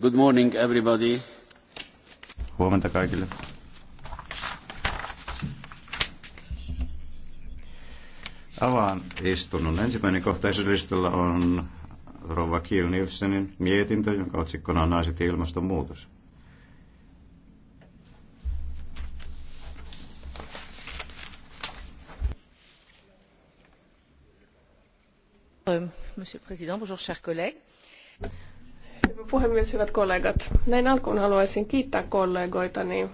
Good morning everybody. Huomenta kaikille. Avaan istunnon. Ensimmäinen kohta esityslistalla on Rova Kiel Nielsenin mietintö, jonka otsikkona on naiset ja ilmastonmuutos. Euh, Monsieur le Président, bonjour chers collègues puhemies, hyvät kollegat. Näin alkuun haluaisin kiittää kollegoitani